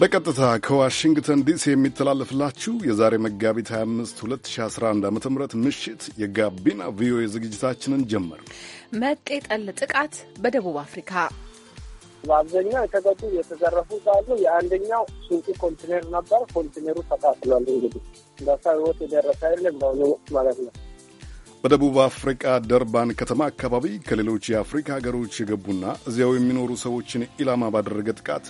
በቀጥታ ከዋሽንግተን ዲሲ የሚተላለፍላችሁ የዛሬ መጋቢት 25 2011 ዓ ም ምሽት የጋቢና ቪኦኤ ዝግጅታችንን ጀመር። መጤጠል ጥቃት በደቡብ አፍሪካ በአብዛኛው የተገዱ የተዘረፉ ሳሉ የአንደኛው ሱቁ ኮንቲኔር ነበር። ኮንቲኔሩ ተቃጥሏል። እንግዲህ እንደሳ ህይወት የደረሰ የለም በአሁኑ ወቅት ማለት ነው። በደቡብ አፍሪቃ ደርባን ከተማ አካባቢ ከሌሎች የአፍሪካ ሀገሮች የገቡና እዚያው የሚኖሩ ሰዎችን ኢላማ ባደረገ ጥቃት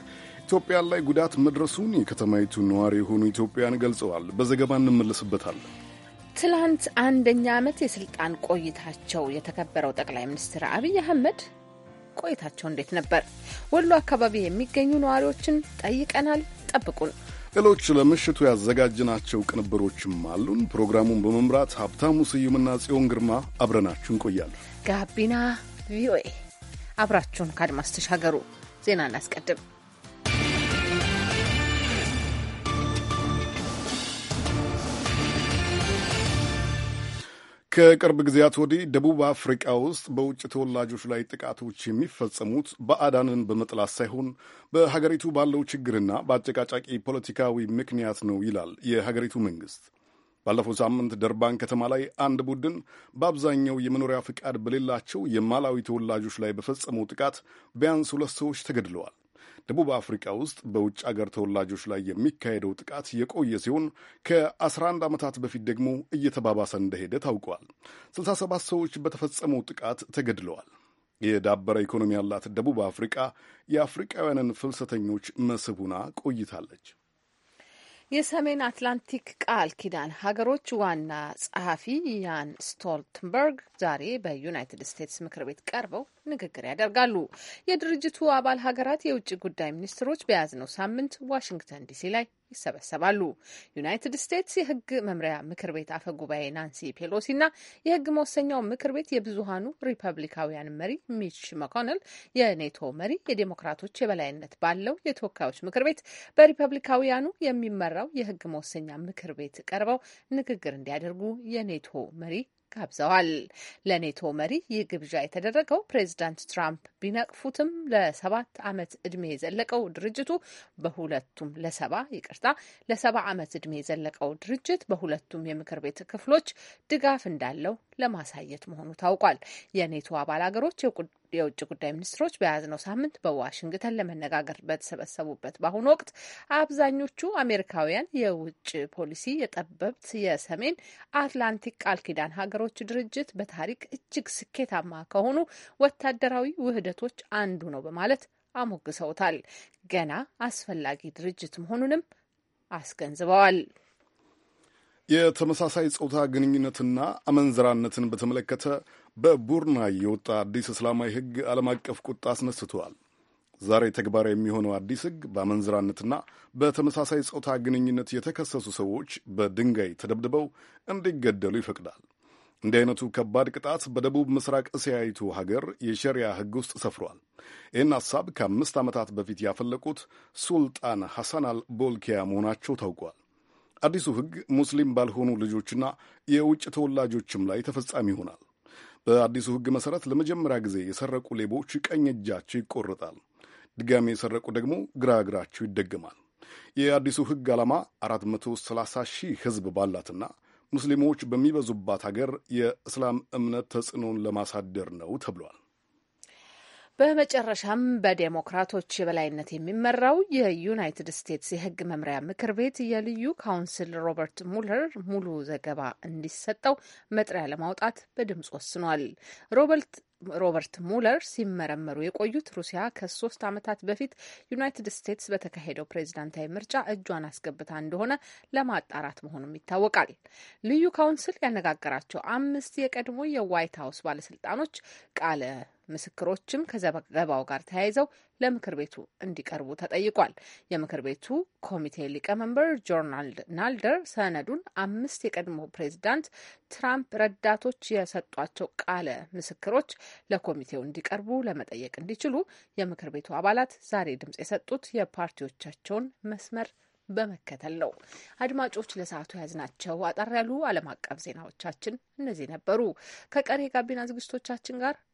ኢትዮጵያ ላይ ጉዳት መድረሱን የከተማይቱ ነዋሪ የሆኑ ኢትዮጵያን ገልጸዋል። በዘገባ እንመለስበታለን። ትላንት አንደኛ ዓመት የስልጣን ቆይታቸው የተከበረው ጠቅላይ ሚኒስትር አብይ አህመድ ቆይታቸው እንዴት ነበር? ወሎ አካባቢ የሚገኙ ነዋሪዎችን ጠይቀናል። ጠብቁን። ሌሎች ለምሽቱ ያዘጋጅናቸው ቅንብሮችም አሉን። ፕሮግራሙን በመምራት ሀብታሙ ስዩምና ጽዮን ግርማ አብረናችሁ እንቆያለን። ጋቢና ቪኦኤ አብራችሁን ከአድማስ ተሻገሩ። ዜና እናስቀድም። ከቅርብ ጊዜያት ወዲህ ደቡብ አፍሪቃ ውስጥ በውጭ ተወላጆች ላይ ጥቃቶች የሚፈጸሙት በአዳንን በመጥላት ሳይሆን በሀገሪቱ ባለው ችግርና በአጨቃጫቂ ፖለቲካዊ ምክንያት ነው ይላል የሀገሪቱ መንግስት። ባለፈው ሳምንት ደርባን ከተማ ላይ አንድ ቡድን በአብዛኛው የመኖሪያ ፍቃድ በሌላቸው የማላዊ ተወላጆች ላይ በፈጸመው ጥቃት ቢያንስ ሁለት ሰዎች ተገድለዋል። ደቡብ አፍሪካ ውስጥ በውጭ አገር ተወላጆች ላይ የሚካሄደው ጥቃት የቆየ ሲሆን ከ11 ዓመታት በፊት ደግሞ እየተባባሰ እንደሄደ ታውቋል። 67 ሰዎች በተፈጸመው ጥቃት ተገድለዋል። የዳበረ ኢኮኖሚ ያላት ደቡብ አፍሪቃ የአፍሪቃውያንን ፍልሰተኞች መስህብ ሆና ቆይታለች። የሰሜን አትላንቲክ ቃል ኪዳን ሀገሮች ዋና ጸሐፊ ያን ስቶልተንበርግ ዛሬ በዩናይትድ ስቴትስ ምክር ቤት ቀርበው ንግግር ያደርጋሉ። የድርጅቱ አባል ሀገራት የውጭ ጉዳይ ሚኒስትሮች በያዝነው ሳምንት ዋሽንግተን ዲሲ ላይ ይሰበሰባሉ። ዩናይትድ ስቴትስ የህግ መምሪያ ምክር ቤት አፈ ጉባኤ ናንሲ እና የህግ መወሰኛው ምክር ቤት የብዙሃኑ ሪፐብሊካውያን መሪ ሚች መኮነል የኔቶ መሪ የዴሞክራቶች የበላይነት ባለው የተወካዮች ምክር ቤት በሪፐብሊካውያኑ የሚመራው የህግ መወሰኛ ምክር ቤት ቀርበው ንግግር እንዲያደርጉ የኔቶ መሪ ጋብዘዋል። ለኔቶ መሪ ይህ ግብዣ የተደረገው ፕሬዚዳንት ትራምፕ ቢነቅፉትም ለሰባት ዓመት እድሜ የዘለቀው ድርጅቱ በሁለቱም ለሰባ ይቅርታ ለሰባ ዓመት እድሜ የዘለቀው ድርጅት በሁለቱም የምክር ቤት ክፍሎች ድጋፍ እንዳለው ለማሳየት መሆኑ ታውቋል። የኔቶ አባል አገሮች የውጭ ጉዳይ ሚኒስትሮች በያዝነው ሳምንት በዋሽንግተን ለመነጋገር በተሰበሰቡበት በአሁኑ ወቅት አብዛኞቹ አሜሪካውያን የውጭ ፖሊሲ የጠበብት የሰሜን አትላንቲክ ቃል ኪዳን ሀገሮች ድርጅት በታሪክ እጅግ ስኬታማ ከሆኑ ወታደራዊ ውህደቶች አንዱ ነው በማለት አሞግሰውታል። ገና አስፈላጊ ድርጅት መሆኑንም አስገንዝበዋል። የተመሳሳይ ጾታ ግንኙነትና አመንዝራነትን በተመለከተ በቡርናይ የወጣ አዲስ እስላማዊ ሕግ ዓለም አቀፍ ቁጣ አስነስተዋል። ዛሬ ተግባራዊ የሚሆነው አዲስ ሕግ በአመንዝራነትና በተመሳሳይ ጾታ ግንኙነት የተከሰሱ ሰዎች በድንጋይ ተደብድበው እንዲገደሉ ይፈቅዳል። እንዲህ አይነቱ ከባድ ቅጣት በደቡብ ምስራቅ እስያዊቱ ሀገር የሸሪያ ሕግ ውስጥ ሰፍሯል። ይህን ሐሳብ ከአምስት ዓመታት በፊት ያፈለቁት ሱልጣን ሐሰን አል ቦልኪያ መሆናቸው ታውቋል። አዲሱ ሕግ ሙስሊም ባልሆኑ ልጆችና የውጭ ተወላጆችም ላይ ተፈጻሚ ይሆናል። በአዲሱ ሕግ መሠረት ለመጀመሪያ ጊዜ የሰረቁ ሌቦች ቀኝ እጃቸው ይቆረጣል። ድጋሚ የሰረቁ ደግሞ ግራ እግራቸው ይደገማል። የአዲሱ ሕግ ዓላማ 430 ሺህ ሕዝብ ባላትና ሙስሊሞች በሚበዙባት ሀገር የእስላም እምነት ተጽዕኖን ለማሳደር ነው ተብሏል። በመጨረሻም በዴሞክራቶች የበላይነት የሚመራው የዩናይትድ ስቴትስ የሕግ መምሪያ ምክር ቤት የልዩ ካውንስል ሮበርት ሙለር ሙሉ ዘገባ እንዲሰጠው መጥሪያ ለማውጣት በድምፅ ወስኗል። ሮበርት ሮበርት ሙለር ሲመረመሩ የቆዩት ሩሲያ ከሶስት ዓመታት በፊት ዩናይትድ ስቴትስ በተካሄደው ፕሬዚዳንታዊ ምርጫ እጇን አስገብታ እንደሆነ ለማጣራት መሆኑም ይታወቃል። ልዩ ካውንስል ያነጋገራቸው አምስት የቀድሞ የዋይት ሀውስ ባለስልጣኖች ቃለ ምስክሮችም ከዘገባው ጋር ተያይዘው ለምክር ቤቱ እንዲቀርቡ ተጠይቋል። የምክር ቤቱ ኮሚቴ ሊቀመንበር ጆናልድ ናልደር ሰነዱን አምስት የቀድሞ ፕሬዚዳንት ትራምፕ ረዳቶች የሰጧቸው ቃለ ምስክሮች ለኮሚቴው እንዲቀርቡ ለመጠየቅ እንዲችሉ የምክር ቤቱ አባላት ዛሬ ድምጽ የሰጡት የፓርቲዎቻቸውን መስመር በመከተል ነው። አድማጮች ለሰዓቱ ናቸው አጠር ያሉ ዓለም አቀፍ ዜናዎቻችን እነዚህ ነበሩ። ከቀሪ የጋቢና ዝግጅቶቻችን ጋር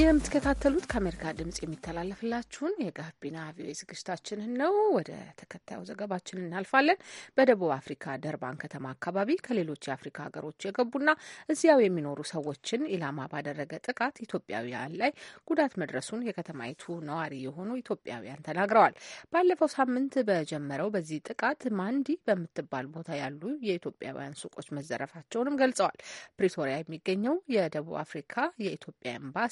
የምትከታተሉት ከአሜሪካ ድምጽ የሚተላለፍላችሁን የጋቢና ቪኦኤ ዝግጅታችንን ነው። ወደ ተከታዩ ዘገባችን እናልፋለን። በደቡብ አፍሪካ ደርባን ከተማ አካባቢ ከሌሎች የአፍሪካ ሀገሮች የገቡና እዚያው የሚኖሩ ሰዎችን ኢላማ ባደረገ ጥቃት ኢትዮጵያውያን ላይ ጉዳት መድረሱን የከተማይቱ ነዋሪ የሆኑ ኢትዮጵያውያን ተናግረዋል። ባለፈው ሳምንት በጀመረው በዚህ ጥቃት ማንዲ በምትባል ቦታ ያሉ የኢትዮጵያውያን ሱቆች መዘረፋቸውንም ገልጸዋል። ፕሪቶሪያ የሚገኘው የደቡብ አፍሪካ የኢትዮጵያ ኤምባሲ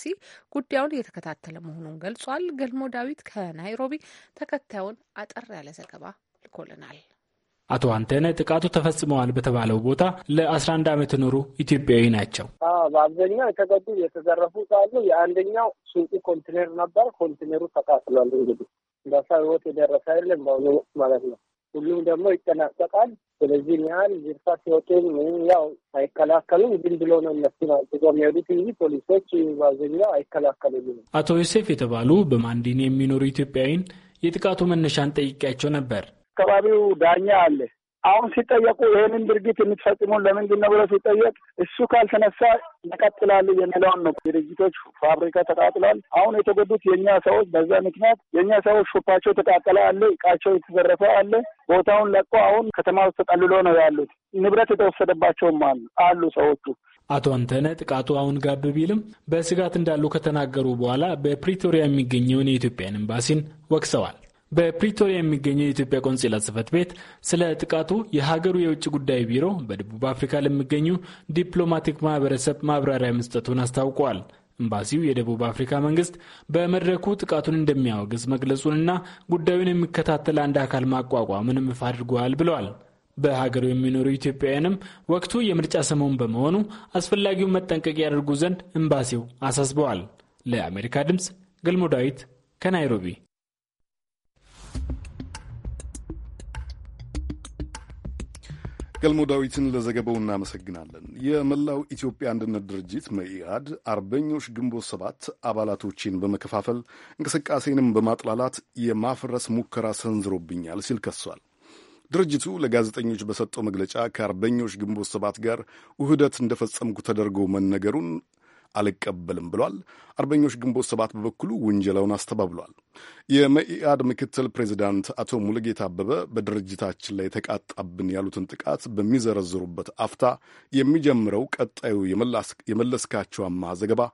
ጉዳዩን እየተከታተለ መሆኑን ገልጿል። ገልሞ ዳዊት ከናይሮቢ ተከታዩን አጠር ያለ ዘገባ ልኮልናል። አቶ አንተነ ጥቃቱ ተፈጽመዋል በተባለው ቦታ ለ11 ዓመት ኖሩ ኢትዮጵያዊ ናቸው። በአብዛኛው የተገዱ የተዘረፉ ሳሉ የአንደኛው ሱቂ ኮንቴነር ነበር። ኮንቴነሩ ተቃጥሏል። እንግዲህ በሰው ህይወት የደረሰ የለም በአሁኑ ማለት ነው። ሁሉም ደግሞ ይጠናቀቃል። ስለዚህ ያህል ዝርፋ ሲወጡም ያው አይከላከሉም። ዝም ብሎ ነው እነሱ ጥቆ የሚሄዱት እንጂ ፖሊሶች በአብዛኛው አይከላከሉልም። አቶ ዮሴፍ የተባሉ በማንዲን የሚኖሩ ኢትዮጵያዊን የጥቃቱ መነሻን ጠይቄያቸው ነበር። አካባቢው ዳኛ አለ አሁን ሲጠየቁ ይህንን ድርጊት የምትፈጽሙን ለምንድን ነው ብሎ ሲጠየቅ እሱ ካልተነሳ ይቀጥላል የሚለውን ነው። ድርጅቶች ፋብሪካ ተቃጥሏል። አሁን የተጎዱት የእኛ ሰዎች በዛ ምክንያት የእኛ ሰዎች ሹፓቸው የተቃጠለ አለ፣ እቃቸው የተዘረፈ አለ። ቦታውን ለቆ አሁን ከተማ ውስጥ ተጠልሎ ነው ያሉት። ንብረት የተወሰደባቸውም አሉ አሉ ሰዎቹ። አቶ አንተነ ጥቃቱ አሁን ጋብ ቢልም በስጋት እንዳሉ ከተናገሩ በኋላ በፕሪቶሪያ የሚገኘውን የኢትዮጵያን ኤምባሲን ወቅሰዋል። በፕሪቶሪያ የሚገኘው የኢትዮጵያ ቆንጽላ ጽህፈት ቤት ስለ ጥቃቱ የሀገሩ የውጭ ጉዳይ ቢሮ በደቡብ አፍሪካ ለሚገኙ ዲፕሎማቲክ ማህበረሰብ ማብራሪያ መስጠቱን አስታውቋል። ኤምባሲው የደቡብ አፍሪካ መንግስት በመድረኩ ጥቃቱን እንደሚያወግዝ መግለጹንና ጉዳዩን የሚከታተል አንድ አካል ማቋቋምንም ይፋ አድርጓል ብለዋል። በሀገሩ የሚኖሩ ኢትዮጵያውያንም ወቅቱ የምርጫ ሰሞን በመሆኑ አስፈላጊውን መጠንቀቅ ያደርጉ ዘንድ ኤምባሲው አሳስበዋል። ለአሜሪካ ድምፅ ገልሞ ዳዊት ከናይሮቢ ገልሞ ዳዊትን ለዘገባው እናመሰግናለን። የመላው ኢትዮጵያ አንድነት ድርጅት መኢአድ አርበኞች ግንቦት ሰባት አባላቶችን በመከፋፈል እንቅስቃሴንም በማጥላላት የማፍረስ ሙከራ ሰንዝሮብኛል ሲል ከሷል። ድርጅቱ ለጋዜጠኞች በሰጠው መግለጫ ከአርበኞች ግንቦት ሰባት ጋር ውህደት እንደፈጸምኩ ተደርጎ መነገሩን አልቀበልም ብሏል። አርበኞች ግንቦት ሰባት በበኩሉ ውንጀላውን አስተባብሏል። የመኢአድ ምክትል ፕሬዚዳንት አቶ ሙሉጌታ አበበ በድርጅታችን ላይ ተቃጣብን ያሉትን ጥቃት በሚዘረዝሩበት አፍታ የሚጀምረው ቀጣዩ የመለስካቸው አማ ዘገባ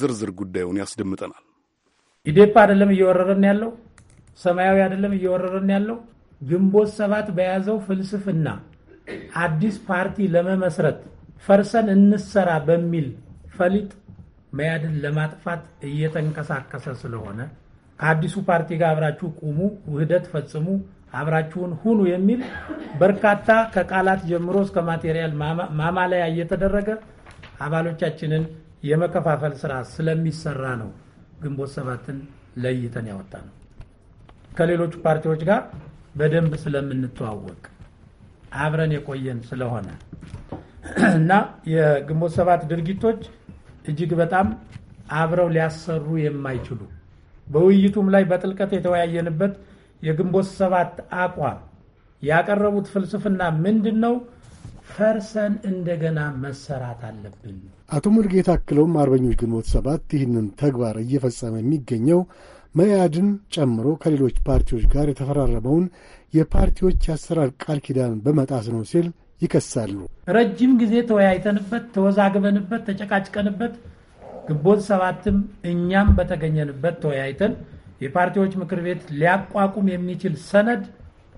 ዝርዝር ጉዳዩን ያስደምጠናል። ኢዴፓ አይደለም እየወረረን ያለው ሰማያዊ አይደለም እየወረረን ያለው ግንቦት ሰባት በያዘው ፍልስፍና አዲስ ፓርቲ ለመመስረት ፈርሰን እንሰራ በሚል ፈሊጥ መያድን ለማጥፋት እየተንቀሳቀሰ ስለሆነ ከአዲሱ ፓርቲ ጋር አብራችሁ ቁሙ፣ ውህደት ፈጽሙ፣ አብራችሁን ሁኑ የሚል በርካታ ከቃላት ጀምሮ እስከ ማቴሪያል ማማለያ እየተደረገ አባሎቻችንን የመከፋፈል ስራ ስለሚሰራ ነው ግንቦት ሰባትን ለይተን ያወጣ ነው። ከሌሎቹ ፓርቲዎች ጋር በደንብ ስለምንተዋወቅ አብረን የቆየን ስለሆነ እና የግንቦት ሰባት ድርጊቶች እጅግ በጣም አብረው ሊያሰሩ የማይችሉ በውይይቱም ላይ በጥልቀት የተወያየንበት የግንቦት ሰባት አቋም ያቀረቡት ፍልስፍና ምንድን ነው? ፈርሰን እንደገና መሰራት አለብን። አቶ ሙሉጌታ አክለውም አርበኞች ግንቦት ሰባት ይህንን ተግባር እየፈጸመ የሚገኘው መያድን ጨምሮ ከሌሎች ፓርቲዎች ጋር የተፈራረመውን የፓርቲዎች የአሰራር ቃል ኪዳን በመጣስ ነው ሲል ይከሳሉ። ረጅም ጊዜ ተወያይተንበት፣ ተወዛግበንበት፣ ተጨቃጭቀንበት ግንቦት ሰባትም እኛም በተገኘንበት ተወያይተን የፓርቲዎች ምክር ቤት ሊያቋቁም የሚችል ሰነድ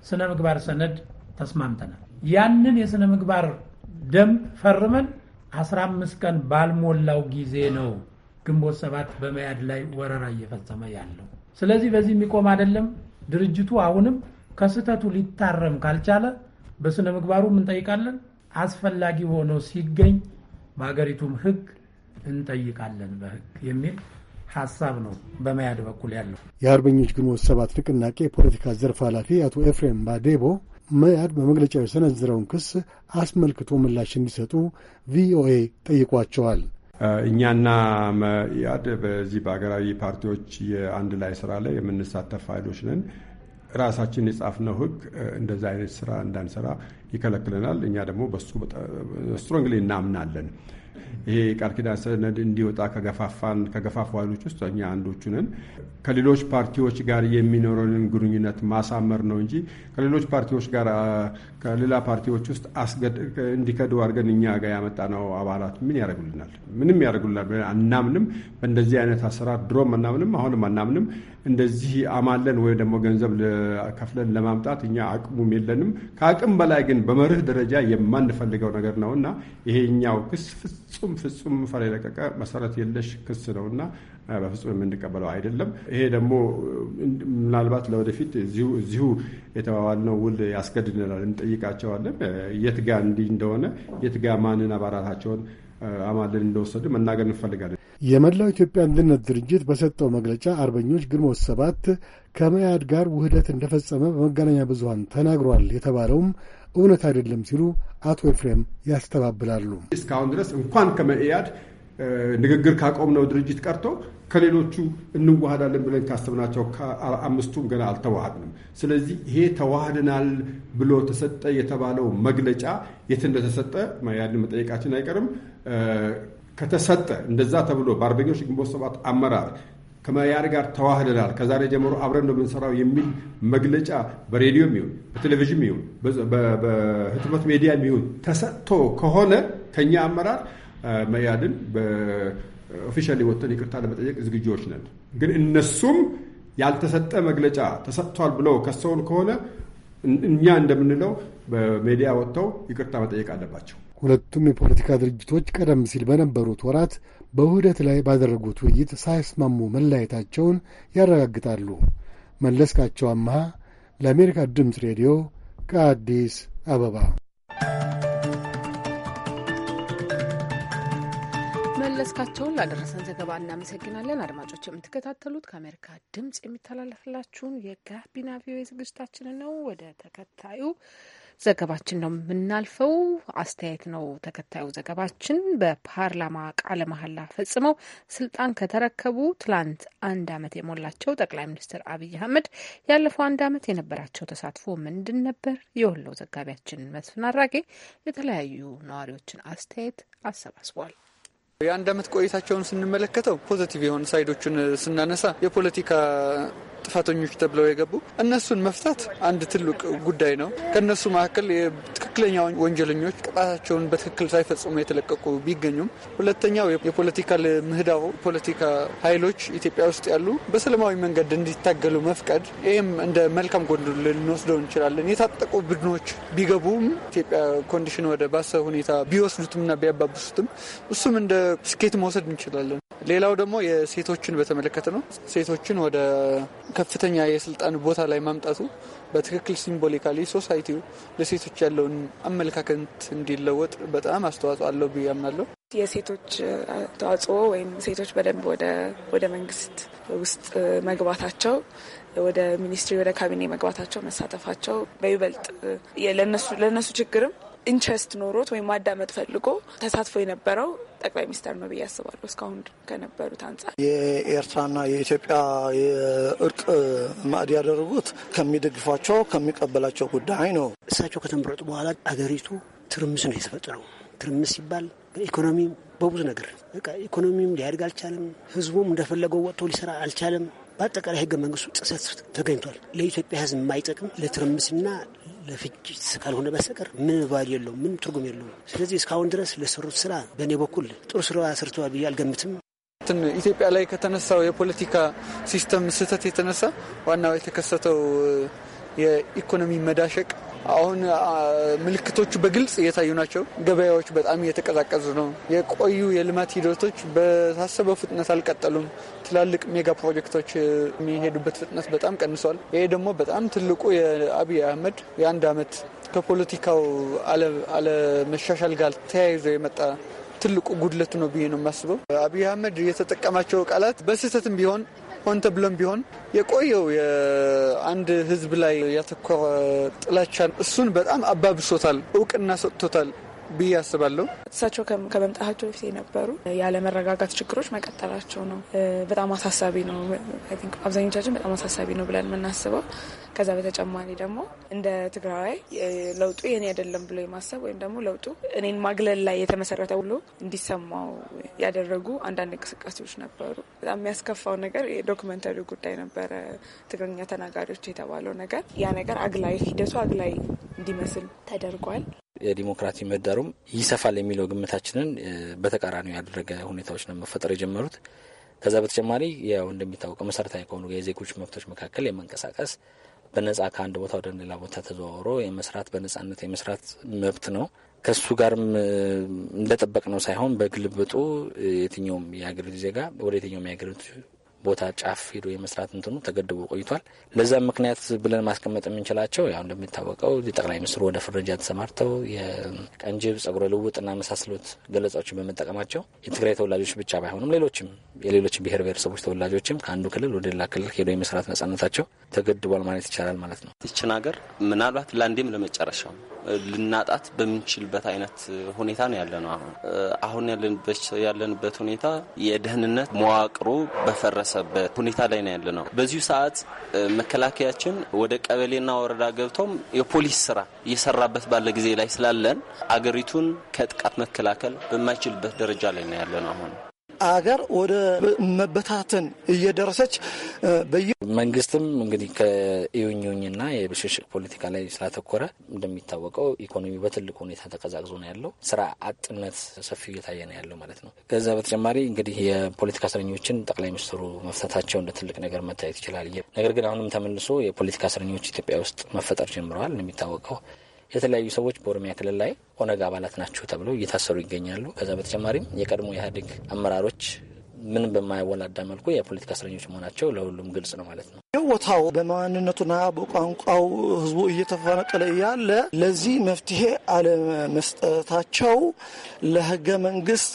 ስነ ምግባር ሰነድ ተስማምተናል። ያንን የስነ ምግባር ደንብ ፈርመን 15 ቀን ባልሞላው ጊዜ ነው ግንቦት ሰባት በመያድ ላይ ወረራ እየፈጸመ ያለው። ስለዚህ በዚህ የሚቆም አይደለም። ድርጅቱ አሁንም ከስህተቱ ሊታረም ካልቻለ በስነ ምግባሩም እንጠይቃለን። አስፈላጊ ሆኖ ሲገኝ በሀገሪቱም ህግ እንጠይቃለን በህግ የሚል ሀሳብ ነው በመያድ በኩል ያለው። የአርበኞች ግንቦት ሰባት ንቅናቄ የፖለቲካ ዘርፍ ኃላፊ አቶ ኤፍሬም ባዴቦ መያድ በመግለጫው የሰነዝረውን ክስ አስመልክቶ ምላሽ እንዲሰጡ ቪኦኤ ጠይቋቸዋል። እኛና መያድ በዚህ በሀገራዊ ፓርቲዎች የአንድ ላይ ስራ ላይ የምንሳተፍ ኃይሎች ነን። ራሳችን የጻፍነው ህግ እንደዚ አይነት ስራ እንዳንሰራ ይከለክለናል። እኛ ደግሞ በሱ ስትሮንግሊ እናምናለን። ይሄ ቃል ኪዳን ሰነድ እንዲወጣ ከገፋፋን ከገፋፋ ኃይሎች ውስጥ እኛ አንዶቹ ነን። ከሌሎች ፓርቲዎች ጋር የሚኖረንን ግንኙነት ማሳመር ነው እንጂ ከሌሎች ፓርቲዎች ጋር ከሌላ ፓርቲዎች ውስጥ እንዲከዱ አድርገን እኛ ጋር ነው አባላት ምን ያደርጉልናል? ምንም ያደርጉልናል አናምንም። በእንደዚህ አይነት አሰራር ድሮም አናምንም፣ አሁንም አናምንም። እንደዚህ አማለን ወይም ደግሞ ገንዘብ ከፍለን ለማምጣት እኛ አቅሙም የለንም። ከአቅም በላይ ግን በመርህ ደረጃ የማንፈልገው ነገር ነው እና ይሄኛው ክስ ፍጹም ፍጹም ፈር የለቀቀ መሰረት የለሽ ክስ ነው እና በፍጹም የምንቀበለው አይደለም። ይሄ ደግሞ ምናልባት ለወደፊት እዚሁ የተባባልነው ውል ያስገድድናል። እንጠይቃቸዋለን የትጋ እንዲህ እንደሆነ የትጋ ማንን አባራታቸውን አማለን እንደወሰዱ መናገር እንፈልጋለን። የመላው ኢትዮጵያ አንድነት ድርጅት በሰጠው መግለጫ አርበኞች ግንቦት ሰባት ከመያድ ጋር ውህደት እንደፈጸመ በመገናኛ ብዙኃን ተናግሯል የተባለውም እውነት አይደለም ሲሉ አቶ ኤፍሬም ያስተባብላሉ። እስካሁን ድረስ እንኳን ከመኢአድ ንግግር ካቆምነው ድርጅት ቀርቶ ከሌሎቹ እንዋሃዳለን ብለን ካሰብናቸው አምስቱም ገና አልተዋሃድንም። ስለዚህ ይሄ ተዋህድናል ብሎ ተሰጠ የተባለው መግለጫ የት እንደተሰጠ መያድን መጠየቃችን አይቀርም። ከተሰጠ እንደዛ ተብሎ በአርበኞች ግንቦት ሰባት አመራር ከመያር ጋር ተዋህደናል፣ ከዛሬ ጀምሮ አብረን ነው የምንሰራው የሚል መግለጫ በሬዲዮም ይሁን በቴሌቪዥን ይሁን በህትመት ሜዲያ ይሁን ተሰጥቶ ከሆነ ከኛ አመራር መያድን በኦፊሻል ወጥተን ይቅርታ ለመጠየቅ ዝግጅዎች ነን። ግን እነሱም ያልተሰጠ መግለጫ ተሰጥቷል ብለው ከሰውን ከሆነ እኛ እንደምንለው በሜዲያ ወጥተው ይቅርታ መጠየቅ አለባቸው። ሁለቱም የፖለቲካ ድርጅቶች ቀደም ሲል በነበሩት ወራት በውህደት ላይ ባደረጉት ውይይት ሳይስማሙ መለያየታቸውን ያረጋግጣሉ። መለስካቸው አመሃ ለአሜሪካ ድምፅ ሬዲዮ ከአዲስ አበባ። መለስካቸውን ላደረሰን ዘገባ እናመሰግናለን። አድማጮች የምትከታተሉት ከአሜሪካ ድምፅ የሚተላለፍላችሁን የጋቢና ቪኦኤ ዝግጅታችንን ነው። ወደ ተከታዩ ዘገባችን ነው የምናልፈው። አስተያየት ነው ተከታዩ ዘገባችን። በፓርላማ ቃለ መሐላ ፈጽመው ስልጣን ከተረከቡ ትላንት አንድ ዓመት የሞላቸው ጠቅላይ ሚኒስትር አብይ አህመድ ያለፈው አንድ ዓመት የነበራቸው ተሳትፎ ምንድን ነበር? የወለው ዘጋቢያችን መስፍን አራጌ የተለያዩ ነዋሪዎችን አስተያየት አሰባስቧል። የአንድ ዓመት ቆይታቸውን ስንመለከተው ፖዘቲቭ የሆኑ ሳይዶችን ስናነሳ የፖለቲካ ጥፋተኞች ተብለው የገቡ እነሱን መፍታት አንድ ትልቅ ጉዳይ ነው። ከእነሱ መካከል ትክክለኛ ወንጀለኞች ቅጣታቸውን በትክክል ሳይፈጽሙ የተለቀቁ ቢገኙም፣ ሁለተኛው የፖለቲካል ምህዳው ፖለቲካ ኃይሎች ኢትዮጵያ ውስጥ ያሉ በሰላማዊ መንገድ እንዲታገሉ መፍቀድ፣ ይህም እንደ መልካም ጎን ልንወስደው እንችላለን። የታጠቁ ቡድኖች ቢገቡም ኢትዮጵያ ኮንዲሽን ወደ ባሰ ሁኔታ ቢወስዱትምና ቢያባብሱትም እሱም እንደ ስኬት መውሰድ እንችላለን። ሌላው ደግሞ የሴቶችን በተመለከተ ነው። ሴቶችን ወደ ከፍተኛ የስልጣን ቦታ ላይ ማምጣቱ በትክክል ሲምቦሊካሊ ሶሳይቲው ለሴቶች ያለውን አመለካከት እንዲለወጥ በጣም አስተዋጽኦ አለው ብዬ አምናለሁ። የሴቶች ተዋጽኦ ወይም ሴቶች በደንብ ወደ መንግስት ውስጥ መግባታቸው ወደ ሚኒስትሪ ወደ ካቢኔ መግባታቸው፣ መሳተፋቸው በይበልጥ ለነሱ ችግርም ኢንትረስት ኖሮት ወይም ማዳመጥ ፈልጎ ተሳትፎ የነበረው ጠቅላይ ሚኒስተር ነው ብዬ አስባለሁ። እስካሁን ከነበሩት አንጻር የኤርትራና የኢትዮጵያ የእርቅ ማዕድ ያደረጉት ከሚደግፏቸው ከሚቀበላቸው ጉዳይ ነው። እሳቸው ከተመረጡ በኋላ አገሪቱ ትርምስ ነው የተፈጠረው። ትርምስ ሲባል ኢኮኖሚ በብዙ ነገር ኢኮኖሚም ሊያድግ አልቻለም። ህዝቡም እንደፈለገው ወጥቶ ሊሰራ አልቻለም። በአጠቃላይ ህገ መንግስቱ ጥሰት ተገኝቷል። ለኢትዮጵያ ህዝብ የማይጠቅም ለትርምስና ለፍጅት ካልሆነ በስተቀር ምን ባል የለውም፣ ምን ትርጉም የለውም። ስለዚህ እስካሁን ድረስ ለሰሩት ስራ በእኔ በኩል ጥሩ ስራ ሰርተዋል ብዬ አልገምትም። ኢትዮጵያ ላይ ከተነሳው የፖለቲካ ሲስተም ስህተት የተነሳ ዋናው የተከሰተው የኢኮኖሚ መዳሸቅ አሁን ምልክቶቹ በግልጽ እየታዩ ናቸው። ገበያዎች በጣም እየተቀዛቀዙ ነው። የቆዩ የልማት ሂደቶች በታሰበው ፍጥነት አልቀጠሉም። ትላልቅ ሜጋ ፕሮጀክቶች የሚሄዱበት ፍጥነት በጣም ቀንሷል። ይሄ ደግሞ በጣም ትልቁ የአብይ አህመድ የአንድ አመት ከፖለቲካው አለመሻሻል ጋር ተያይዞ የመጣ ትልቁ ጉድለት ነው ብዬ ነው የማስበው። አብይ አህመድ የተጠቀማቸው ቃላት በስህተትም ቢሆን ሆን ተብሎም ቢሆን የቆየው የአንድ ህዝብ ላይ ያተኮረ ጥላቻን እሱን በጣም አባብሶታል፣ እውቅና ሰጥቶታል። ብዬ አስባለሁ። እሳቸው ከመምጣታቸው በፊት የነበሩ ያለመረጋጋት ችግሮች መቀጠላቸው ነው። በጣም አሳሳቢ ነው። አብዛኞቻችን በጣም አሳሳቢ ነው ብለን የምናስበው። ከዛ በተጨማሪ ደግሞ እንደ ትግራዋይ ለውጡ የኔ አይደለም ብሎ የማሰብ ወይም ደግሞ ለውጡ እኔን ማግለል ላይ የተመሰረተ ብሎ እንዲሰማው ያደረጉ አንዳንድ እንቅስቃሴዎች ነበሩ። በጣም የሚያስከፋው ነገር የዶክመንተሪ ጉዳይ ነበረ፣ ትግርኛ ተናጋሪዎች የተባለው ነገር ያ ነገር አግላይ ሂደቱ አግላይ እንዲመስል ተደርጓል። የዲሞክራሲ ምህዳሩም ይሰፋል የሚለው ግምታችንን በተቃራኒ ያደረገ ሁኔታዎች ነው መፈጠር የጀመሩት። ከዛ በተጨማሪ ያው እንደሚታወቀው መሰረታዊ ከሆኑ የዜጎች መብቶች መካከል የመንቀሳቀስ በነጻ ከአንድ ቦታ ወደ ሌላ ቦታ ተዘዋውሮ የመስራት በነጻነት የመስራት መብት ነው። ከሱ ጋርም እንደጠበቅ ነው ሳይሆን በግልብጡ የትኛውም የሀገሪቱ ዜጋ ወደ የትኛውም የሀገሪቱ ቦታ ጫፍ ሄዶ የመስራት እንትኑ ተገድቦ ቆይቷል። ለዛም ምክንያት ብለን ማስቀመጥ የምንችላቸው ያው እንደሚታወቀው ጠቅላይ ሚኒስትሩ ወደ ፍረጃ ተሰማርተው የቀንጅብ ጸጉረ ልውጥና መሳሰሉት ገለጻዎችን በመጠቀማቸው የትግራይ ተወላጆች ብቻ ባይሆኑም ሌሎችም የሌሎች ብሔር ብሔረሰቦች ተወላጆችም ከአንዱ ክልል ወደ ሌላ ክልል ሄዶ የመስራት ነጻነታቸው ተገድቧል ማለት ይቻላል ማለት ነው። ይችን ሀገር ምናልባት ለአንዴም ለመጨረሻው ልናጣት በምንችልበት አይነት ሁኔታ ነው ያለ ነው። አሁን አሁን ያለንበት ሁኔታ የደህንነት መዋቅሩ በፈረሰ የደረሰበት ሁኔታ ላይ ነው ያለ ነው። በዚሁ ሰዓት መከላከያችን ወደ ቀበሌና ወረዳ ገብቶም የፖሊስ ስራ እየሰራበት ባለ ጊዜ ላይ ስላለን አገሪቱን ከጥቃት መከላከል በማይችልበት ደረጃ ላይ ነው ያለ ነው አሁን አገር ወደ መበታተን እየደረሰች መንግስትም እንግዲህ ከኢዩኝኝና የብሽሽቅ ፖለቲካ ላይ ስላተኮረ እንደሚታወቀው ኢኮኖሚ በትልቅ ሁኔታ ተቀዛቅዞ ነው ያለው። ስራ አጥነት ሰፊ እየታየ ነው ያለው ማለት ነው። ከዛ በተጨማሪ እንግዲህ የፖለቲካ እስረኞችን ጠቅላይ ሚኒስትሩ መፍታታቸው እንደ ትልቅ ነገር መታየት ይችላል። ነገር ግን አሁንም ተመልሶ የፖለቲካ እስረኞች ኢትዮጵያ ውስጥ መፈጠር ጀምረዋል እንደሚታወቀው የተለያዩ ሰዎች በኦሮሚያ ክልል ላይ ኦነግ አባላት ናቸው ተብለው እየታሰሩ ይገኛሉ። ከዛ በተጨማሪም የቀድሞ ኢህአዴግ አመራሮች ምንም በማያወላዳ መልኩ የፖለቲካ እስረኞች መሆናቸው ለሁሉም ግልጽ ነው ማለት ነው። ቦታው በማንነቱና በቋንቋው ህዝቡ እየተፈናቀለ እያለ ለዚህ መፍትሄ አለመስጠታቸው ለህገ መንግስት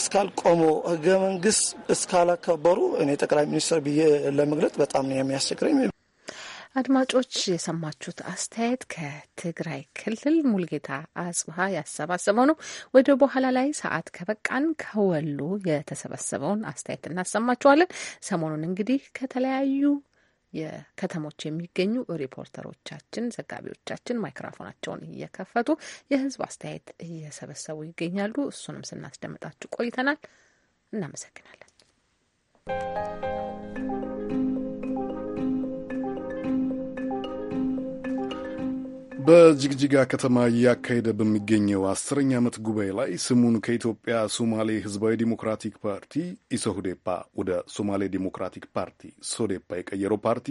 እስካልቆሙ ህገ መንግስት እስካላከበሩ እኔ ጠቅላይ ሚኒስትር ብዬ ለመግለጥ በጣም ነው የሚያስቸግረኝ። አድማጮች የሰማችሁት አስተያየት ከትግራይ ክልል ሙልጌታ አጽብሃ ያሰባሰበው ነው። ወደ በኋላ ላይ ሰዓት ከበቃን ከወሎ የተሰበሰበውን አስተያየት እናሰማችኋለን። ሰሞኑን እንግዲህ ከተለያዩ የከተሞች የሚገኙ ሪፖርተሮቻችን፣ ዘጋቢዎቻችን ማይክሮፎናቸውን እየከፈቱ የህዝብ አስተያየት እየሰበሰቡ ይገኛሉ። እሱንም ስናስደምጣችሁ ቆይተናል። እናመሰግናለን። በጅግጅጋ ከተማ እያካሄደ በሚገኘው አስረኛ ዓመት ጉባኤ ላይ ስሙን ከኢትዮጵያ ሶማሌ ህዝባዊ ዲሞክራቲክ ፓርቲ ኢሶሁዴፓ ወደ ሶማሌ ዲሞክራቲክ ፓርቲ ሶዴፓ የቀየረው ፓርቲ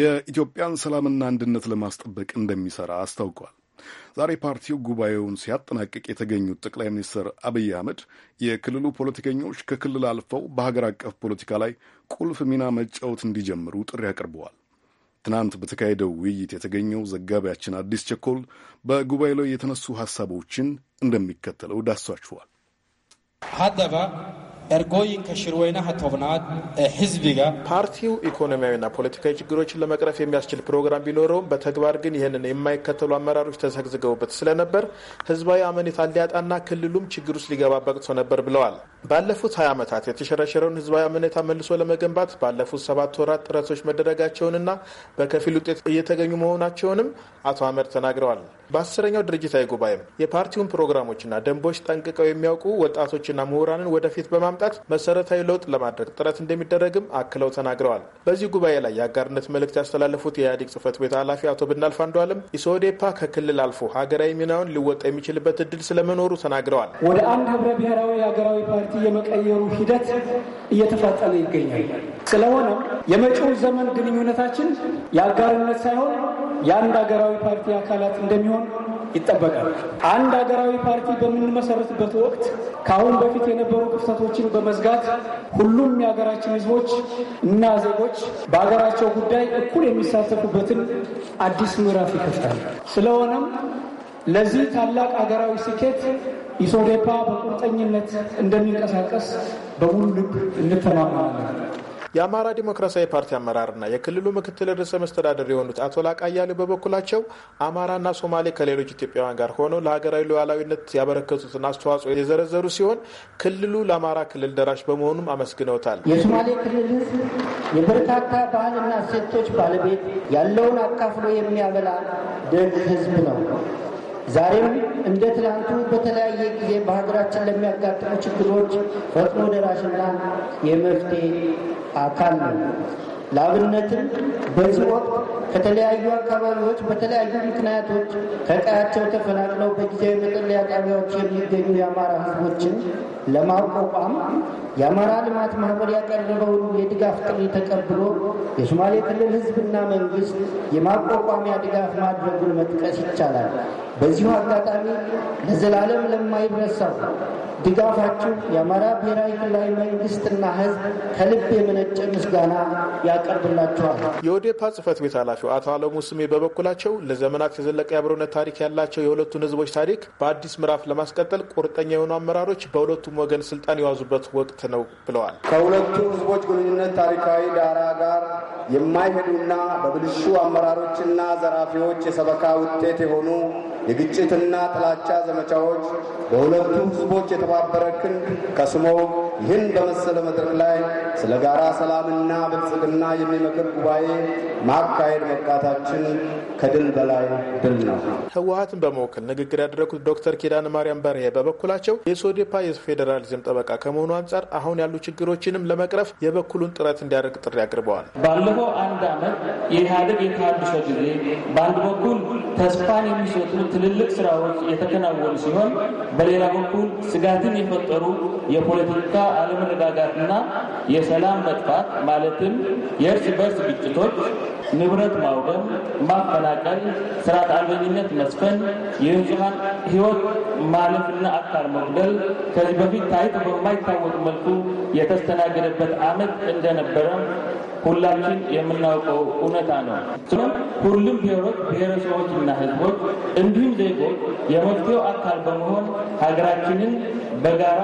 የኢትዮጵያን ሰላምና አንድነት ለማስጠበቅ እንደሚሰራ አስታውቋል። ዛሬ ፓርቲው ጉባኤውን ሲያጠናቅቅ የተገኙት ጠቅላይ ሚኒስትር አብይ አህመድ የክልሉ ፖለቲከኞች ከክልል አልፈው በሀገር አቀፍ ፖለቲካ ላይ ቁልፍ ሚና መጫወት እንዲጀምሩ ጥሪ አቅርበዋል። ትናንት በተካሄደው ውይይት የተገኘው ዘጋቢያችን አዲስ ቸኮል በጉባኤ ላይ የተነሱ ሀሳቦችን እንደሚከተለው ዳሷችኋል። ergooyinka shirweynaha tobnaad ee ፓርቲው ኢኮኖሚያዊና ፖለቲካዊ ችግሮችን ለመቅረፍ የሚያስችል ፕሮግራም ቢኖረውም በተግባር ግን ይህንን የማይከተሉ አመራሮች ተዘግዝገውበት ስለነበር ህዝባዊ አመኔታ ሊያጣና ክልሉም ችግር ውስጥ ሊገባ በቅቶ ነበር ብለዋል። ባለፉት ሀያ ዓመታት የተሸረሸረውን ህዝባዊ አመኔታ መልሶ ለመገንባት ባለፉት ሰባት ወራት ጥረቶች መደረጋቸውንና በከፊል ውጤት እየተገኙ መሆናቸውንም አቶ አህመድ ተናግረዋል። በአስረኛው ድርጅታዊ ጉባኤም የፓርቲውን ፕሮግራሞችና ደንቦች ጠንቅቀው የሚያውቁ ወጣቶችና ምሁራንን ወደፊት በማም በማምጣት መሰረታዊ ለውጥ ለማድረግ ጥረት እንደሚደረግም አክለው ተናግረዋል። በዚህ ጉባኤ ላይ የአጋርነት መልእክት ያስተላለፉት የኢህአዴግ ጽህፈት ቤት ኃላፊ አቶ ብናልፍ አንዷለም አለም ኢሶዴፓ ከክልል አልፎ ሀገራዊ ሚናውን ሊወጣ የሚችልበት እድል ስለመኖሩ ተናግረዋል። ወደ አንድ ህብረ ብሔራዊ ሀገራዊ ፓርቲ የመቀየሩ ሂደት እየተፋጠነ ይገኛል። ስለሆነም የመጪው ዘመን ግንኙነታችን የአጋርነት ሳይሆን የአንድ ሀገራዊ ፓርቲ አካላት እንደሚሆን ይጠበቃል። አንድ ሀገራዊ ፓርቲ በምንመሰረትበት ወቅት ከአሁን በፊት የነበሩ ክፍተቶችን በመዝጋት ሁሉም የሀገራችን ህዝቦች እና ዜጎች በሀገራቸው ጉዳይ እኩል የሚሳተፉበትን አዲስ ምዕራፍ ይከፍታል። ስለሆነም ለዚህ ታላቅ ሀገራዊ ስኬት ኢሶዴፓ በቁርጠኝነት እንደሚንቀሳቀስ በሙሉ ልብ እንተማመናለን። የአማራ ዲሞክራሲያዊ ፓርቲ አመራርና የክልሉ ምክትል ርዕሰ መስተዳደር የሆኑት አቶ ላቃ በበኩላቸው አማራና ሶማሌ ከሌሎች ኢትዮጵያውያን ጋር ሆነው ለሀገራዊ ሉዓላዊነት ያበረከቱትን አስተዋጽኦ የዘረዘሩ ሲሆን ክልሉ ለአማራ ክልል ደራሽ በመሆኑም አመስግነውታል። የሶማሌ ክልል ህዝብ የበርካታ ባህልና እሴቶች ባለቤት ያለውን አካፍሎ የሚያበላ ደግ ህዝብ ነው። ዛሬም እንደ ትናንቱ በተለያየ ጊዜ በሀገራችን ለሚያጋጥሙ ችግሮች ፈጥኖ ደራሽና የመፍትሄ አካል ነው። ለአብነትም በዚህ ወቅት ከተለያዩ አካባቢዎች በተለያዩ ምክንያቶች ከቀያቸው ተፈናቅለው በጊዜያዊ መጠለያ ጣቢያዎች የሚገኙ የአማራ ሕዝቦችን ለማቋቋም የአማራ ልማት ማህበር ያቀረበውን የድጋፍ ጥሪ ተቀብሎ የሶማሌ ክልል ሕዝብና መንግስት የማቋቋሚያ ድጋፍ ማድረጉን መጥቀስ ይቻላል። በዚሁ አጋጣሚ ለዘላለም ለማይረሳው ድጋፋችሁ የአማራ ብሔራዊ ክልላዊ መንግስትና ህዝብ ከልብ የመነጨ ምስጋና ያቀርብላችኋል። የኦዴፓ ጽህፈት ቤት ኃላፊው አቶ አለሙ ስሜ በበኩላቸው ለዘመናት የዘለቀ የአብሮነት ታሪክ ያላቸው የሁለቱን ህዝቦች ታሪክ በአዲስ ምዕራፍ ለማስቀጠል ቁርጠኛ የሆኑ አመራሮች በሁለቱም ወገን ስልጣን የዋዙበት ወቅት ነው ብለዋል። ከሁለቱ ህዝቦች ግንኙነት ታሪካዊ ዳራ ጋር የማይሄዱና በብልሹ አመራሮችና ዘራፊዎች የሰበካ ውጤት የሆኑ የግጭትና ጥላቻ ዘመቻዎች በሁለቱ ህዝቦች የተባበረ ክንድ ከስሞ ይህን በመሰለ መድረክ ላይ ስለ ጋራ ሰላምና ብልጽግና የሚመክር ጉባኤ ማካሄድ መብቃታችን ከድል በላይ ድል ነው። ህወሀትን በመወከል ንግግር ያደረጉት ዶክተር ኪዳነ ማርያም በርሄ በበኩላቸው የሶዴፓ የፌዴራሊዝም ጠበቃ ከመሆኑ አንጻር አሁን ያሉ ችግሮችንም ለመቅረፍ የበኩሉን ጥረት እንዲያደርግ ጥሪ አቅርበዋል። ባለፈው አንድ ዓመት የኢህአዴግ የተሃድሶ ጊዜ በአንድ በኩል ተስፋን የሚሰጡ ትልልቅ ስራዎች የተከናወኑ ሲሆን በሌላ በኩል ስጋትን የፈጠሩ የፖለቲካ አለመረጋጋትና የሰላም መጥፋት ማለትም የእርስ በርስ ግጭቶች ንብረት ማውደም፣ ማፈናቀል፣ ስርዓት አልበኝነት መስፈን፣ የንጹሐን ህይወት ማለፍና አካል መጉደል ከዚህ በፊት ታይቶ በማይታወቅ መልኩ የተስተናገደበት ዓመት እንደነበረም ሁላችን የምናውቀው እውነታ ነው። ስለሆነ ሁሉም ብሔሮች፣ ብሔረሰቦችና ህዝቦች እንዲሁም ዜጎች የመፍትሄው አካል በመሆን ሀገራችንን በጋራ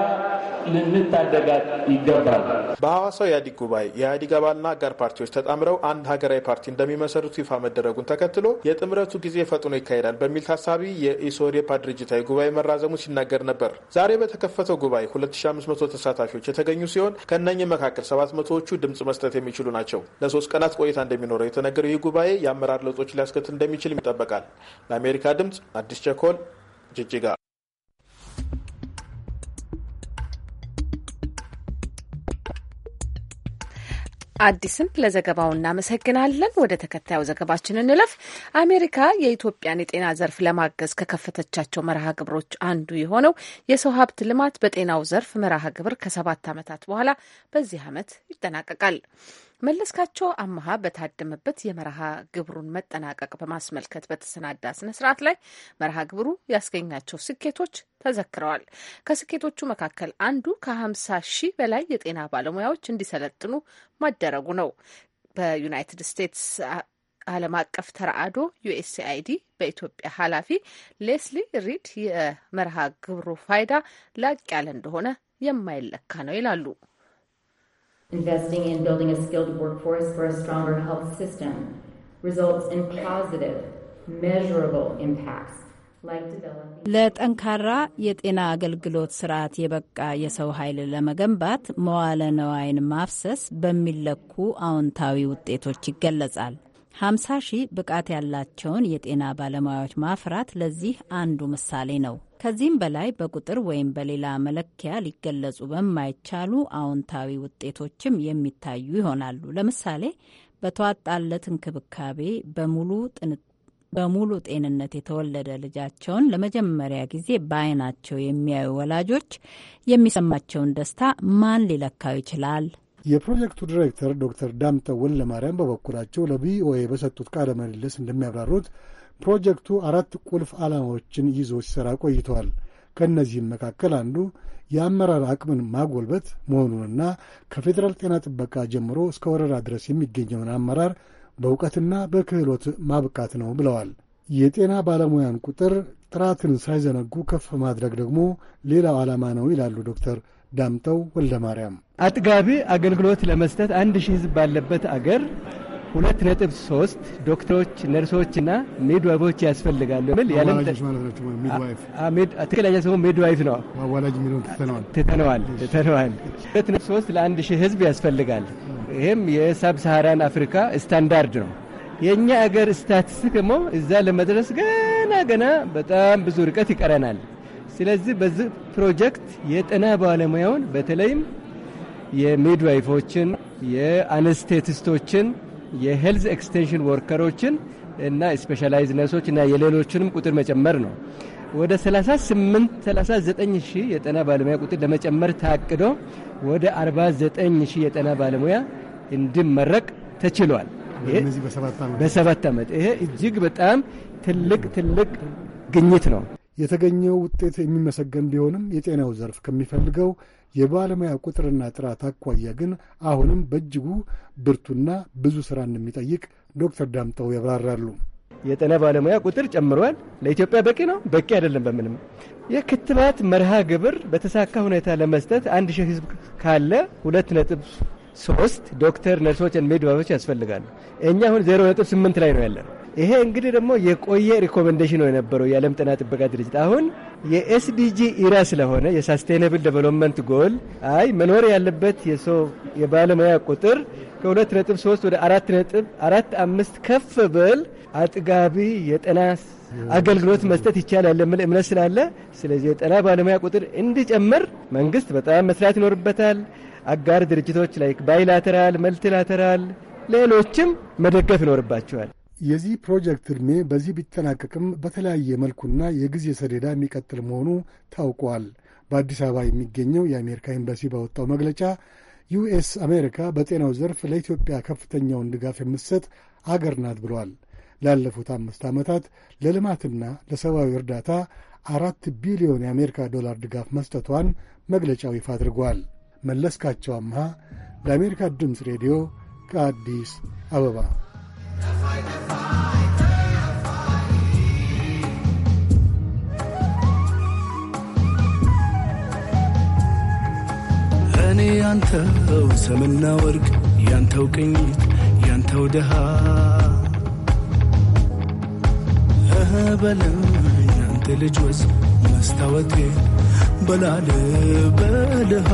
ልንታደጋት ይገባል። በሐዋሳው የኢህአዴግ ጉባኤ የኢህአዲግ አባልና አጋር ፓርቲዎች ተጣምረው አንድ ሀገራዊ ፓርቲ እንደሚመሰርቱ ይፋ መደረጉን ተከትሎ የጥምረቱ ጊዜ ፈጥኖ ይካሄዳል በሚል ታሳቢ የኢሶሬፓ ድርጅታዊ ጉባኤ መራዘሙ ሲናገር ነበር። ዛሬ በተከፈተው ጉባኤ 2500 ተሳታፊዎች የተገኙ ሲሆን ከእነኝህ መካከል ሰባት መቶዎቹ ድምጽ መስጠት የሚችሉ ናቸው። ለሶስት ቀናት ቆይታ እንደሚኖረው የተነገረው ይህ ጉባኤ የአመራር ለውጦች ሊያስከትል እንደሚችል ይጠበቃል። ለአሜሪካ ድምጽ አዲስ ቸኮል ጅጅጋ። አዲስን ለዘገባው እናመሰግናለን። ወደ ተከታዩ ዘገባችን እንለፍ። አሜሪካ የኢትዮጵያን የጤና ዘርፍ ለማገዝ ከከፈተቻቸው መርሃ ግብሮች አንዱ የሆነው የሰው ሀብት ልማት በጤናው ዘርፍ መርሃ ግብር ከሰባት ዓመታት በኋላ በዚህ ዓመት ይጠናቀቃል። መለስካቸው አመሃ በታደመበት የመርሃ ግብሩን መጠናቀቅ በማስመልከት በተሰናዳ ስነ ስርዓት ላይ መርሃ ግብሩ ያስገኛቸው ስኬቶች ተዘክረዋል። ከስኬቶቹ መካከል አንዱ ከ50 ሺህ በላይ የጤና ባለሙያዎች እንዲሰለጥኑ ማደረጉ ነው። በዩናይትድ ስቴትስ ዓለም አቀፍ ተራድኦ ዩኤስኤአይዲ በኢትዮጵያ ኃላፊ ሌስሊ ሪድ የመርሃ ግብሩ ፋይዳ ላቅ ያለ እንደሆነ የማይለካ ነው ይላሉ። Investing in building a skilled workforce for a stronger health system results in positive, measurable impacts ለጠንካራ የጤና አገልግሎት ስርዓት የበቃ የሰው ኃይል ለመገንባት መዋለ ነዋይን ማፍሰስ በሚለኩ አዎንታዊ ውጤቶች ይገለጻል። 50 ሺህ ብቃት ያላቸውን የጤና ባለሙያዎች ማፍራት ለዚህ አንዱ ምሳሌ ነው። ከዚህም በላይ በቁጥር ወይም በሌላ መለኪያ ሊገለጹ በማይቻሉ አዎንታዊ ውጤቶችም የሚታዩ ይሆናሉ። ለምሳሌ በተዋጣለት እንክብካቤ በሙሉ በሙሉ ጤንነት የተወለደ ልጃቸውን ለመጀመሪያ ጊዜ በዓይናቸው የሚያዩ ወላጆች የሚሰማቸውን ደስታ ማን ሊለካው ይችላል? የፕሮጀክቱ ዲሬክተር ዶክተር ዳምጠው ወለማርያም በበኩላቸው ለቪኦኤ በሰጡት ቃለ ምልልስ እንደሚያብራሩት ፕሮጀክቱ አራት ቁልፍ ዓላማዎችን ይዞ ሲሠራ ቆይተዋል። ከእነዚህም መካከል አንዱ የአመራር አቅምን ማጎልበት መሆኑንና ከፌዴራል ጤና ጥበቃ ጀምሮ እስከ ወረዳ ድረስ የሚገኘውን አመራር በእውቀትና በክህሎት ማብቃት ነው ብለዋል። የጤና ባለሙያን ቁጥር ጥራትን ሳይዘነጉ ከፍ ማድረግ ደግሞ ሌላው ዓላማ ነው ይላሉ ዶክተር ዳምጠው ወልደ ማርያም አጥጋቢ አገልግሎት ለመስጠት አንድ ሺህ ህዝብ ባለበት አገር ሁለት ነጥብ ሶስት ዶክተሮች፣ ነርሶችና ሚድዋይፎች ያስፈልጋሉ። ትክክለኛ ስሙ ሚድዋይፍ ነው። ትተነዋል ትተነዋል። ሁለት ነጥብ ሶስት ለአንድ ሺህ ህዝብ ያስፈልጋል። ይህም የሳብ ሰሃራን አፍሪካ ስታንዳርድ ነው። የእኛ አገር ስታቲስቲክ ደግሞ እዛ ለመድረስ ገና ገና በጣም ብዙ ርቀት ይቀረናል። ስለዚህ በዚህ ፕሮጀክት የጤና ባለሙያውን በተለይም የሚድዋይፎችን፣ የአነስቴቲስቶችን፣ የሄልዝ ኤክስቴንሽን ወርከሮችን እና ስፔሻላይዝ ነርሶች እና የሌሎችንም ቁጥር መጨመር ነው። ወደ 38 39 ሺህ የጤና ባለሙያ ቁጥር ለመጨመር ታቅዶ ወደ 49 ሺህ የጤና ባለሙያ እንዲመረቅ ተችሏል። በሰባት ዓመት ይሄ እጅግ በጣም ትልቅ ትልቅ ግኝት ነው። የተገኘው ውጤት የሚመሰገን ቢሆንም የጤናው ዘርፍ ከሚፈልገው የባለሙያ ቁጥርና ጥራት አኳያ ግን አሁንም በእጅጉ ብርቱና ብዙ ሥራ እንደሚጠይቅ ዶክተር ዳምጠው ያብራራሉ። የጤና ባለሙያ ቁጥር ጨምሯል። ለኢትዮጵያ በቂ ነው? በቂ አይደለም። በምንም የክትባት መርሃ ግብር በተሳካ ሁኔታ ለመስጠት አንድ ሺህ ህዝብ ካለ ሁለት ነጥብ ሶስት ዶክተር ነርሶች፣ ሜድባቦች ያስፈልጋሉ። እኛ አሁን ዜሮ ነጥብ ስምንት ላይ ነው ያለነው። ይሄ እንግዲህ ደግሞ የቆየ ሪኮመንዴሽን ነው የነበረው የዓለም ጤና ጥበቃ ድርጅት። አሁን የኤስዲጂ ኢራ ስለሆነ የሳስቴናብል ዴቨሎፕመንት ጎል አይ መኖር ያለበት የሰው የባለሙያ ቁጥር ከ 23 ወደ አራት ከፍ ብል አጥጋቢ የጤና አገልግሎት መስጠት ይቻላል የሚል እምነት ስላለ፣ ስለዚህ የጤና ባለሙያ ቁጥር እንዲጨምር መንግስት በጣም መስራት ይኖርበታል። አጋር ድርጅቶች ላይ ባይላተራል፣ መልቲላተራል ሌሎችም መደገፍ ይኖርባቸዋል። የዚህ ፕሮጀክት ዕድሜ በዚህ ቢጠናቀቅም በተለያየ መልኩና የጊዜ ሰሌዳ የሚቀጥል መሆኑ ታውቋል። በአዲስ አበባ የሚገኘው የአሜሪካ ኤምባሲ ባወጣው መግለጫ ዩኤስ አሜሪካ በጤናው ዘርፍ ለኢትዮጵያ ከፍተኛውን ድጋፍ የምትሰጥ አገር ናት ብሏል። ላለፉት አምስት ዓመታት ለልማትና ለሰብአዊ እርዳታ አራት ቢሊዮን የአሜሪካ ዶላር ድጋፍ መስጠቷን መግለጫው ይፋ አድርጓል። መለስካቸው አምሃ ለአሜሪካ ድምፅ ሬዲዮ ከአዲስ አበባ እኔ ያንተው ሰምና ወርቅ ያንተው ቅኝት ያንተው ድሃ እህ በለኝ ያንተ ልጅ ወዝ መስታወቴ በላል በልሃ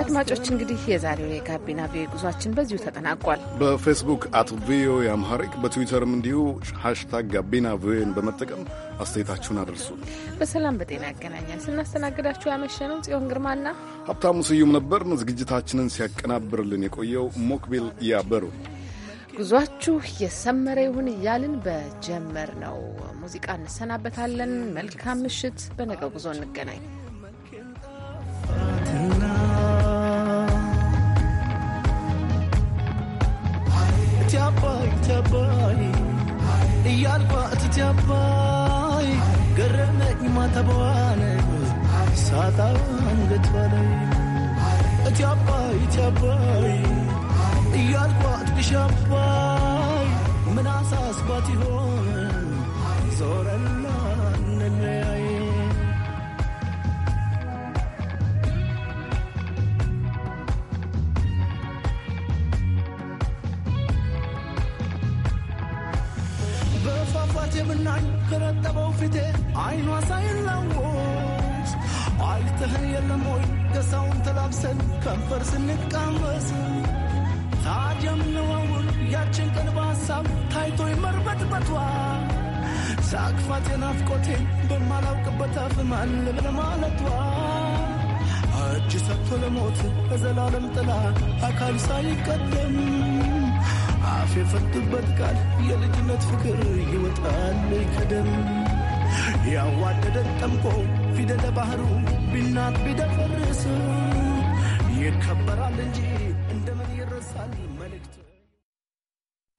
አድማጮች እንግዲህ የዛሬው የጋቢና ቪኦኤ ጉዟችን በዚሁ ተጠናቋል። በፌስቡክ አት ቪኦኤ አምሃሪክ በትዊተርም እንዲሁ ሃሽታግ ጋቢና ቪኦኤን በመጠቀም አስተያየታችሁን አድርሱ። በሰላም በጤና ያገናኛል። ስናስተናግዳችሁ ያመሸነው ጽዮን ግርማና ሀብታሙ ስዩም ነበር። ዝግጅታችንን ሲያቀናብርልን የቆየው ሞክቢል ያበሩ ጉዟችሁ የሰመረ ይሁን እያልን በጀመር ነው ሙዚቃ እንሰናበታለን። መልካም ምሽት። በነገ ጉዞ እንገናኝ። Ti እያልኳት ልሻባይ ምን አሳስባት ይሆን ዞረና ብናኝ ከረጠበው ፊቴ አይኗ ሳይላወስ አይተህ የለም ወይ ገሳውን ተላብሰን ከንፈር ስንቃመስ ታይቶ መርበትበቷ ሳቅፋት የናፍቆቴን በማላውቅበት አፍማል ለማለቷ እጅ ሰጥቶ ለሞት በዘላለም ጥላ አካል ሳይቀደም አፍ የፈቱበት ቃል የልጅነት ፍቅር ይወጣል ከደም ያዋደደን ጠምቆ ፊደለ ባህሩ ቢናት ቢደፈርስ ይከበራል እንጂ